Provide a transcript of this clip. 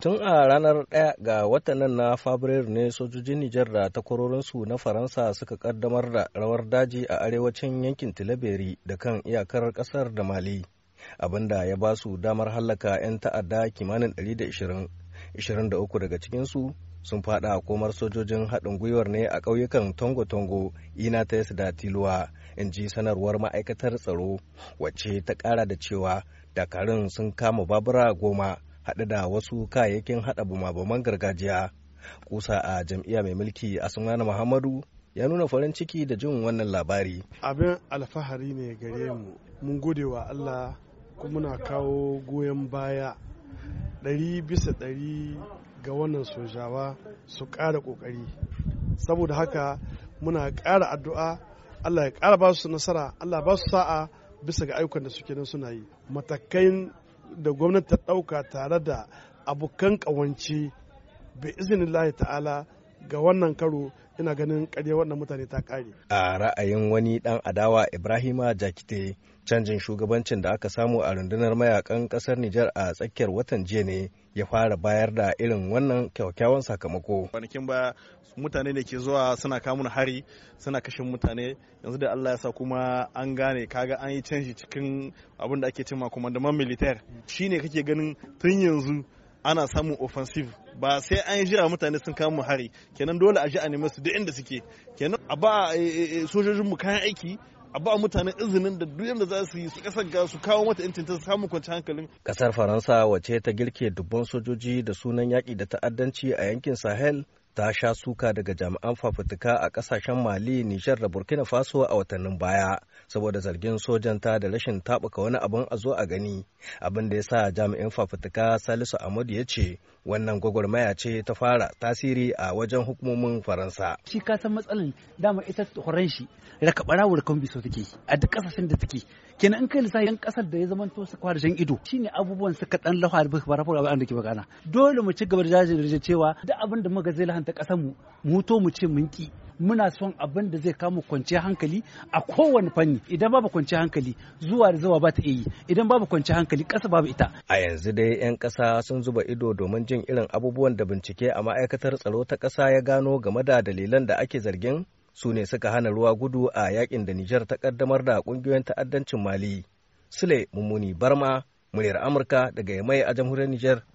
tun a ranar 1 ga watannin na fabrairu ne sojojin nijar da takwarorinsu na faransa suka kaddamar da rawar daji a arewacin yankin tilaberi da kan iyakar kasar da mali abinda ya ba su damar hallaka 'yan ta'adda kimanin 120 23 daga cikinsu sun fada komar sojojin haɗin gwiwar ne a ƙauyukan tongo-tongo ta da tiluwa in ji sanarwar ma'aikatar tsaro wacce ta ƙara da cewa dakarun sun kama babura goma haɗe da wasu kayayyakin haɗa bumabuman gargajiya kusa a jam'iyya mai mulki sunana muhammadu ya nuna farin ciki da jin wannan labari abin alfahari ne gare mu mun gode wa allah kuma muna kawo goyon baya ɗari bisa ɗari ga wannan sojawa su ƙara ƙoƙari saboda haka muna ƙara addu'a allah ya ƙara ba su nasara allah ba su sa'a bisa ga ayyukan da suke nan suna yi matakai da gwamnati ta ɗauka tare da abokan ƙawance bai izinin ta'ala ga wannan karo ina ganin kare wannan mutane ta kare a ra'ayin wani ɗan adawa ibrahima jakite canjin shugabancin da aka samu a rundunar mayakan kasar nijar a tsakiyar watan jiya ne ya fara bayar da irin wannan kyakkyawan sakamako kwanakin ba mutane ne ke zuwa suna kamun hari suna kashin mutane yanzu da allah ya sa kuma an gane kaga an yi canji cikin abin da ake cima kuma da man militar shine kake ganin tun yanzu ana samun offensive ba sai an jira mutane sun kama mu hari kenan dole a ji a nemi su duk inda suke kenan a ba eh, eh, eh, sojojin mu kayan aiki a ba mutane izinin da duk yadda za su yi su kasar ga su kawo mata yancin ta samun kwanci hankalin kasar faransa wace ta girke dubban sojoji da sunan yaƙi da ta'addanci a yankin sahel ta sha suka daga jami'an fafutuka a kasashen mali nijar da burkina faso a watannin baya saboda zargin sojan ta da rashin tabuka wani abin a zo a gani abin da ya sa jami'in fafutuka salisu amud ya ce wannan gwagwarmaya ce ta fara tasiri a wajen hukumomin faransa shi ka san matsalan dama ita horon shi raka bara kan biso take a duk kasashen da take kenan in kai lissafi kasar da ya zama zamanto su kwarshen ido shine abubuwan suka dan lafa da fara ba da ke magana dole mu ci gaba da jajirce cewa duk abin da muka zai nan ta ƙasar mu mu ce mun ki muna son abin da zai kama kwanci hankali a kowane fanni idan babu kwanci hankali zuwa da zuwa ba ta iya yi idan babu kwanci hankali ƙasa babu ita a yanzu dai 'yan ƙasa sun zuba ido domin jin irin abubuwan da bincike a ma'aikatar tsaro ta kasa ya gano game da dalilan da ake zargin su ne suka hana ruwa gudu a yakin da Nijar ta kaddamar da kungiyoyin ta'addancin Mali. Sule Mummuni Barma, muryar Amurka daga Yamai a jamhuriyar Nijar.